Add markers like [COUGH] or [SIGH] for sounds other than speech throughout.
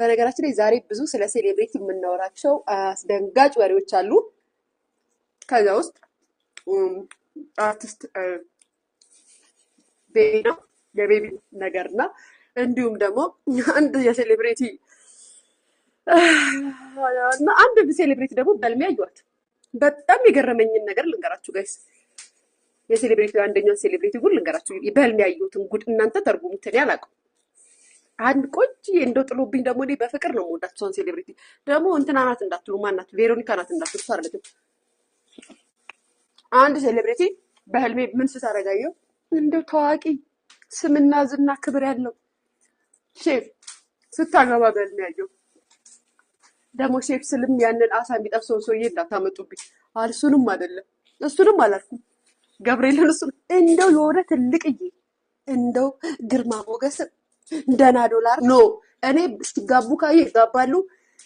በነገራችን ላይ ዛሬ ብዙ ስለ ሴሌብሬቲ የምናወራቸው አስደንጋጭ ወሬዎች አሉ። ከዛ ውስጥ አርቲስት ቤቢ ነው የቤቢ ነገር እና እንዲሁም ደግሞ አንድ የሴሌብሬቲ እና አንድ ሴሌብሬቲ ደግሞ በልሜ አየኋት። በጣም የገረመኝን ነገር ልንገራችሁ ጋይስ። የሴሌብሬቲ አንደኛው ሴሌብሬቲ ጉድ ልንገራችሁ። በልሜ ያየሁትን ጉድ እናንተ ተርጉሙት፣ እኔ አላውቅም አንድ ቆጭ እንደው ጥሎብኝ ደግሞ እኔ በፍቅር ነው የምወዳት ሰውን ሴሌብሪቲ ደግሞ እንትና ናት እንዳትሉ ማናት ቬሮኒካ ናት እንዳትሉ ሳርለት አንድ ሴሌብሪቲ በህልሜ ምን ስታረጋየው እንደው ታዋቂ ስምና ዝና ክብር ያለው ሼፍ ስታገባ በህልሜ ያየው ደግሞ ሼፍ ስልም ያንን አሳ የሚጠብሰውን ሰውዬ እንዳታመጡብኝ አልሱንም አይደለም እሱንም አላልኩም ገብርኤልን እሱ እንደው የሆነ ትልቅዬ እንደው ግርማ ሞገስም ደና ዶላር ኖ እኔ ሲጋቡ ካየ ይጋባሉ፣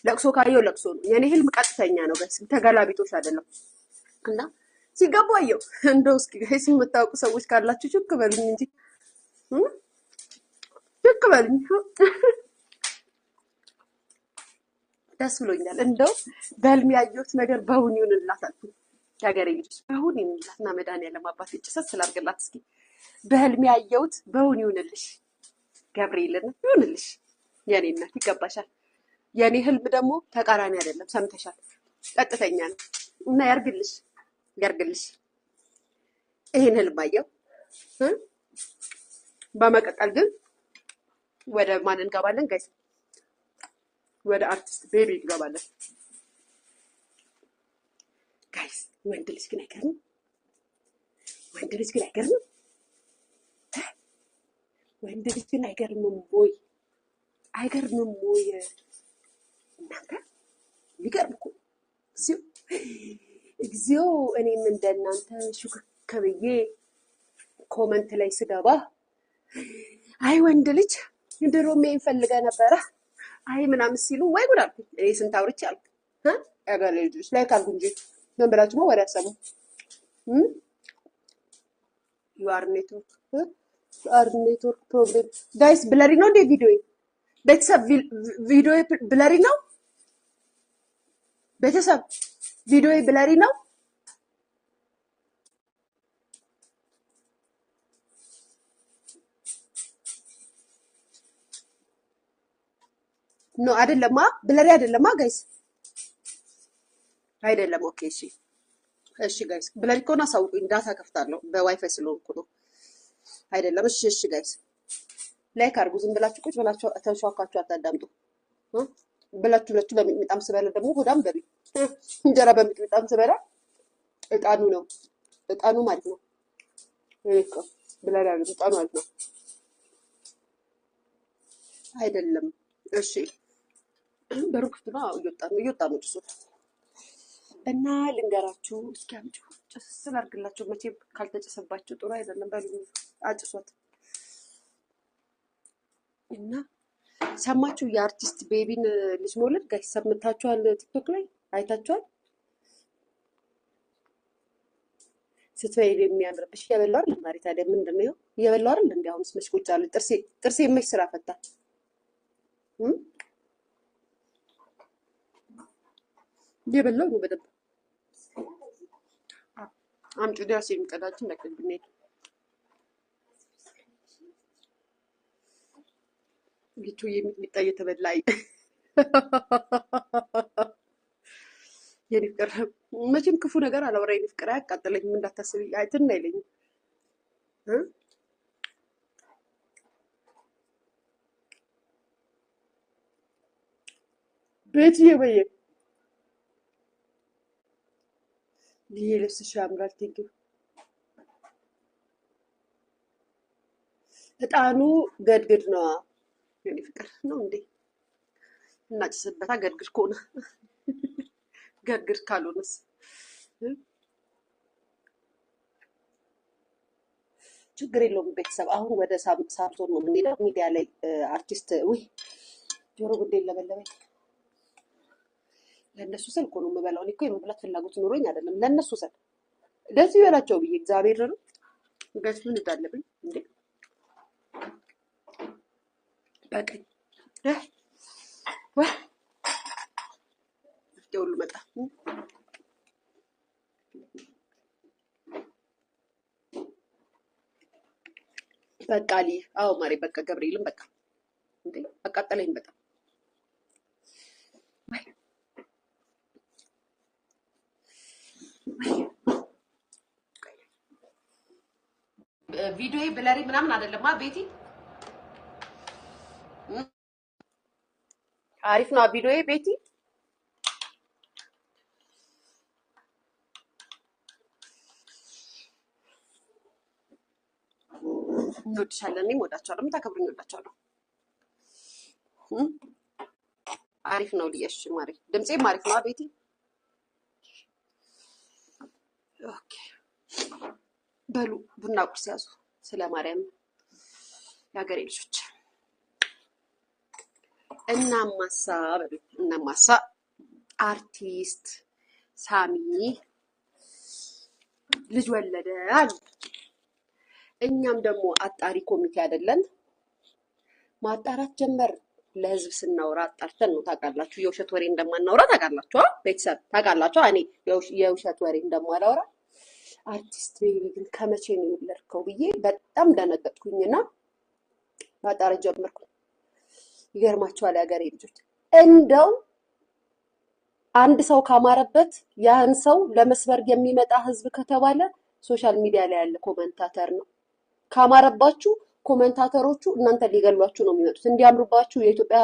ለቅሶ ካየው ለቅሶ ነው። የኔ ህልም ቀጥተኛ ነው። በስ ተገላቢጦሽ አይደለም እና ሲጋቡ አየው። እንደው እስኪ ጋይስ የምታውቁ ሰዎች ካላችሁ ችክ በሉኝ እንጂ ችክ በሉኝ። ደስ ብሎኛል። እንደው በህልም ያየሁት ነገር በእውን ይሁንላት አልኩኝ። የሀገሬ ልጆች በእውን ይሁንላት እና መድኃኒዓለም አባቴ ጭሰት ስላድርግላት እስኪ በህልም ያየሁት በእውን ይሁንልሽ። ገብርኤልን ይሁንልሽ፣ የኔ እናት ይገባሻል። የኔ ህልም ደግሞ ተቃራኒ አይደለም፣ ሰምተሻል። ቀጥተኛ ነው እና ያርግልሽ፣ ያርግልሽ። ይህን ህልም አየው። በመቀጠል ግን ወደ ማን እንገባለን ጋይስ? ወደ አርቲስት ቤቢ እንገባለን ጋይስ። ወንድ ልጅ ግን አይገርምም? ወንድ ልጅ ግን አይገርምም? ወይም ልጅ አይገርምም ወይ? አይገርምም ወይ? እናንተ ሊገርም እኮ እግዚኦ እግዚኦ። እኔም እንደናንተ ሹክክ ብዬ ኮመንት ላይ ስገባ አይ ወንድ ልጅ ድሮም ይፈልገ ነበረ አይ ምናምን ሲሉ ወይ ጉድ አልኩኝ። እኔ ስንት አውርቼ አልኩ ያገር ልጆች ላይ ካልኩ እንጂ ምን ብላችሁ ወሬ አሰሙ ዩ ኔትወርክ አር ኔትወርክ ፕሮብሌም ጋይስ፣ ብለሪ ነው እንዴ ቪዲዮ? ቤተሰብ ቪዲዮ ብለሪ ነው። ቤተሰብ ቪዲዮ ብለሪ ነው። ኖ አይደለማ፣ ብለሪ አይደለማ ጋይስ፣ አይደለም። ኦኬ እሺ፣ እሺ ጋይስ፣ ብለሪ ከሆነ አሳውቁኝ፣ ዳታ ከፍታለሁ። በዋይፋይ ስለሆንኩ ነው። አይደለም። እሺ፣ እሺ ጋይስ ላይክ አድርጉ። ዝም ብላችሁ ቁጭ ብላችሁ ተንሸዋካችሁ አታዳምጡ። ብላችሁ ብላችሁ በሚጣም ስበላ ደግሞ ሆዳም በሉ [LAUGHS] እንጀራ በሚጣም ስበላ እጣኑ ነው እጣኑ ማለት ነው። ልክ ብላላ እጣኑ ማለት ነው አይደለም። እሺ በሩክት ነው እየወጣ ነው እየወጣ ነው ጭሱ እና ልንገራችሁ። እስኪ አምጪው ጭስ ስላርግላችሁ መቼም ካልተጨሰባችሁ ጥሩ አይደለም በሉ አጭሷት እና ሰማችሁ? የአርቲስት ቤቢን ልጅ መውለድ ጋር ሰምታችኋል? ቲክቶክ ላይ አይታችኋል? ስትበይ የሚያምርብሽ እየበላሁ አይደል? ማሪ ታዲያ ምንድን ነው እየበላሁ አይደል? እንዲ አሁንስ መች ቁጭ አለ ጥርሴ ጥርሴ መች ስራ ፈታ እየበላሁ ነው በደንብ አምጪ። ዲያስ የሚቀዳችን ለቅልብኔ ልጁ የሚጣ እየተበላኝ የኔ ፍቅር መቼም ክፉ ነገር አላወራ። የኔ ፍቅር አያቃጥለኝም፣ እንዳታስቢ። አይትን አይለኝም። ቤት የበየ ይሄ ልብስሽ ያምራል። ቴንኪ እጣኑ ገድግድ ነዋ። እንዲ ፍቅር ነው እንዴ? እናጭስበታ ገድግድ ከሆነ [LAUGHS] ገድግድ ካልሆነስ ችግር የለውም። ቤተሰብ አሁን ወደ ሳምሶን ነው የምንሄደው። ሚዲያ ላይ አርቲስት ውይ ጆሮ ጉዴ ለበለበኝ። ለእነሱ ስል እኮ ነው የምበላው። እኔ እኮ የመብላት ፍላጎት ኖሮኝ አይደለም፣ ለእነሱ ስል ደስ ይበላቸው ብዬ እግዚአብሔር ነው። ምን እዳለብኝ እንዴ? በቀኝ ሁሉ መጣ። በቃ ሊ አዎ፣ ማሬ በቃ ገብርኤልም በቃ እንዴ አቃጠለኝ በጣም ቪዲዮ ብለሪ ምናምን አይደለም ቤቲ አሪፍ ነው ቪዲዮዬ ቤቲ እንወድሻለን። እኔም እወዳቸዋለሁ። የምታከብሩኝ እወዳቸዋለሁ። አሪፍ ነው ልየሽ ማሪ፣ ድምፄም አሪፍ ነው ቤቲ። በሉ ቡና ቁርስ ያዙ። ስለ ማርያም የሀገሬ ልጆች እናማሳ እናማሳ አርቲስት ሳሚ ልጅ ወለደ አሉ። እኛም ደግሞ አጣሪ ኮሚቴ አይደለን ማጣራት ጀመር። ለህዝብ ስናወራ አጣርተን ነው። ታውቃላችሁ፣ የውሸት ወሬ እንደማናወራ ታውቃላችሁ። ቤተሰብ ታውቃላችሁ፣ እኔ የውሸት ወሬ እንደማላወራ። አርቲስት ቤቢ ግን ከመቼ ነው የወለድከው ብዬ በጣም ደነገጥኩኝና ማጣራት ጀመርኩ። ይገርማቸዋል የሀገሬ ልጆች እንደው አንድ ሰው ካማረበት ያን ሰው ለመስበር የሚመጣ ህዝብ ከተባለ ሶሻል ሚዲያ ላይ ያለ ኮመንታተር ነው። ካማረባችሁ ኮመንታተሮቹ እናንተ ሊገሏችሁ ነው የሚመጡት። እንዲያምሩባችሁ የኢትዮጵያ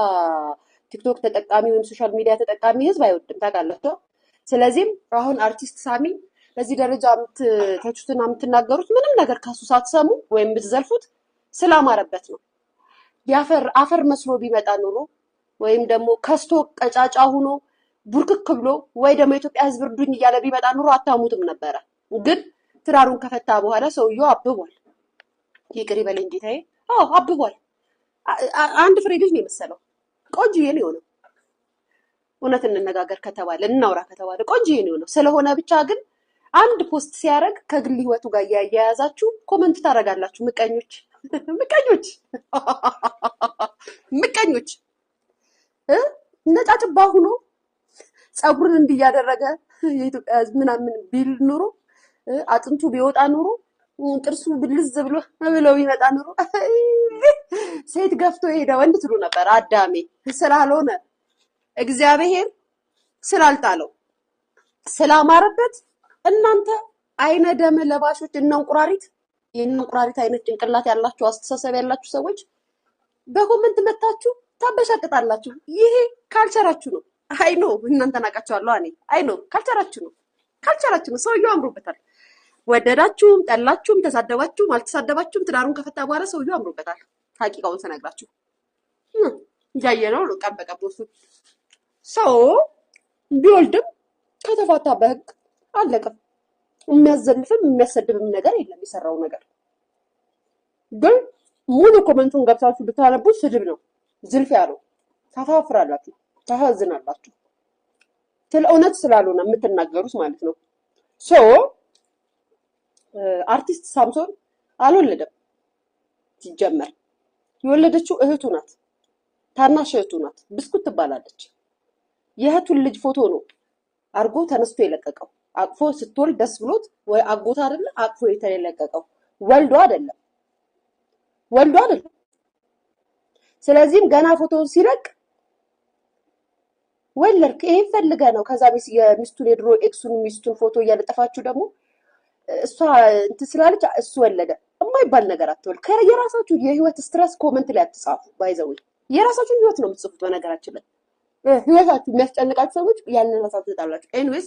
ቲክቶክ ተጠቃሚ ወይም ሶሻል ሚዲያ ተጠቃሚ ህዝብ አይወድም ታውቃላችሁ። ስለዚህም አሁን አርቲስት ሳሚ በዚህ ደረጃ የምትተቹትና የምትናገሩት ምንም ነገር ከሱ ሳትሰሙ ወይም ብትዘልፉት ስላማረበት ነው። የአፈር አፈር መስሎ ቢመጣ ኑሮ ወይም ደግሞ ከስቶ ቀጫጫ ሁኖ ቡርክክ ብሎ ወይ ደግሞ የኢትዮጵያ ሕዝብ እርዱኝ እያለ ቢመጣ ኑሮ አታሙትም ነበረ። ግን ትራሩን ከፈታ በኋላ ሰውየው አብቧል። ይቅር ይበለኝ ጌታዬ። አዎ አብቧል። አንድ ፍሬ ልጅ ነው የመሰለው። ቆንጆዬ ነው የሆነው። እውነት እንነጋገር ከተባለ እናውራ ከተባለ ቆንጆዬ ነው የሆነው። ስለሆነ ብቻ ግን አንድ ፖስት ሲያደርግ ከግል ህይወቱ ጋር እያያያዛችሁ ኮመንት ታደርጋላችሁ ምቀኞች። ምቀኞች [LAUGHS] ምቀኞች ነጫጭባ ሁኖ ፀጉርን እንዲያደረገ የኢትዮጵያ ሕዝብ ምናምን ቢል ኑሮ አጥንቱ ቢወጣ ኑሮ ጥርሱ ብልዝ ብሎ ብለው ይመጣ ኑሮ [LAUGHS] ሴት ገፍቶ የሄደ ወንድ ትሉ ነበር። አዳሜ ስላልሆነ እግዚአብሔር ስላልጣለው ስላማረበት እናንተ አይነ ደም ለባሾች እነ እንቁራሪት ይህንን እንቁራሪት አይነት ጭንቅላት ያላችሁ አስተሳሰብ ያላችሁ ሰዎች በኮመንት መታችሁ ታበሻቅጣላችሁ። ይሄ ካልቸራችሁ ነው። አይ ኖ እናንተ ናቃቸዋለሁ። እኔ አይ ኖ ካልቸራችሁ ነው፣ ካልቸራችሁ ነው። ሰውየው አምሮበታል። ወደዳችሁም ጠላችሁም፣ ተሳደባችሁም አልተሳደባችሁም፣ ትዳሩን ከፈታ በኋላ ሰውየው አምሮበታል። ሀቂቃውን ስነግራችሁ እያየ ነው ነው ቀን በቀን ሰው ቢወልድም ከተፋታ በህግ አለቀም። የሚያዘልፍም የሚያሰድብም ነገር የለም። የሰራው ነገር ግን ሙሉ ኮመንቱን ገብታችሁ ብታነቡ ስድብ ነው፣ ዝልፍ ያለው ታፋፍራላችሁ፣ ታሳዝናላችሁ። ስለ እውነት ስላልሆነ የምትናገሩት ማለት ነው። ሶ አርቲስት ሳምሶን አልወለደም። ሲጀመር የወለደችው እህቱ ናት፣ ታናሽ እህቱ ናት። ብስኩት ትባላለች። የእህቱን ልጅ ፎቶ ነው አድርጎ ተነስቶ የለቀቀው። አቅፎ ስትወልድ ደስ ብሎት ወይ አጎት አይደለ አቅፎ የተለቀቀው ወልዶ አይደለም ወልዶ አይደለም። ስለዚህም ገና ፎቶውን ሲለቅ ወለድክ ይሄን ፈልገ ነው። ከዛ የሚስቱን የድሮ ኤክሱን ሚስቱን ፎቶ እያለጠፋችሁ ደግሞ እሷ እንትን ስላለች እሱ ወለደ የማይባል ነገር አትበል። የራሳችሁ የህይወት ስትረስ ኮመንት ላይ አትጻፉ። ባይዘው የራሳችሁን ህይወት ነው የምትጽፉት። በነገራችን ላይ ህይወታችሁ የሚያስጨንቃችሁ ሰዎች ያንን ራሳችሁ ትጣላችሁ። ኤኒዌይስ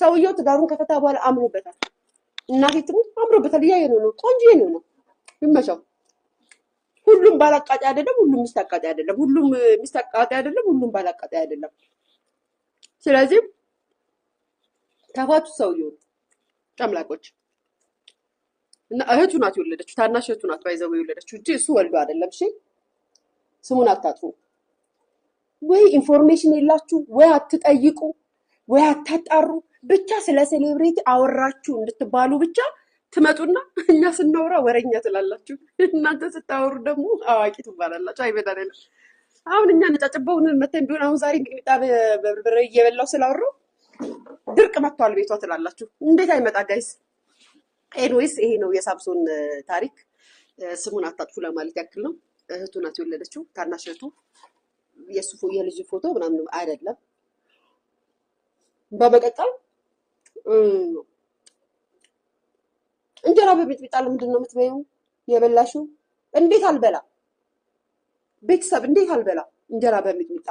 ሰውየው ትዳሩን ከፈታ በኋላ አምሮበታል። እናቴ ትሙት አምሮበታል። እያየ ነው ነው ቆንጆ ነው ነው ይመሻው። ሁሉም ባላቃጤ አይደለም፣ ሁሉም ሚስት አቃጤ አይደለም፣ ሁሉም ሚስት አቃጤ አይደለም፣ ሁሉም ባላቃጤ አይደለም። ስለዚህ ተፋቱ ሰውየውን ጨምላቆች እና እህቱ ናት የወለደችው፣ ታናሽ እህቱ ናት ባይዘው የወለደችው እንጂ እሱ ወልዶ አይደለም። እሺ ስሙን አታጥፉ። ወይ ኢንፎርሜሽን የላችሁ፣ ወይ አትጠይቁ፣ ወይ አታጣሩ፣ ብቻ ስለ ሴሌብሬቲ አወራችሁ እንድትባሉ ብቻ ትመጡና እኛ ስናወራ ወረኛ ትላላችሁ፣ እናንተ ስታወሩ ደግሞ አዋቂ ትባላላችሁ። አይበዳ አይደለም። አሁን እኛ ነጫጭበውን መተ ቢሆን አሁን ዛሬ ሚጣ በርበሬ እየበላው ስላወራው ድርቅ መጥቷል ቤቷ ትላላችሁ። እንዴት አይመጣ ጋይስ? ኤንዌይስ ይሄ ነው የሳምሶን ታሪክ። ስሙን አታጥፉ ለማለት ያክል ነው። እህቱ ናት የወለደችው፣ ታናሽ እህቱ። የልጅ ፎቶ ምናምን አይደለም። በመቀጠል እንጀራ በሚጥሚጣ ለምንድን ነው የምትበይው? የበላሽው? እንዴት አልበላ ቤተሰብ እንዴት አልበላ እንጀራ በሚጥሚጣ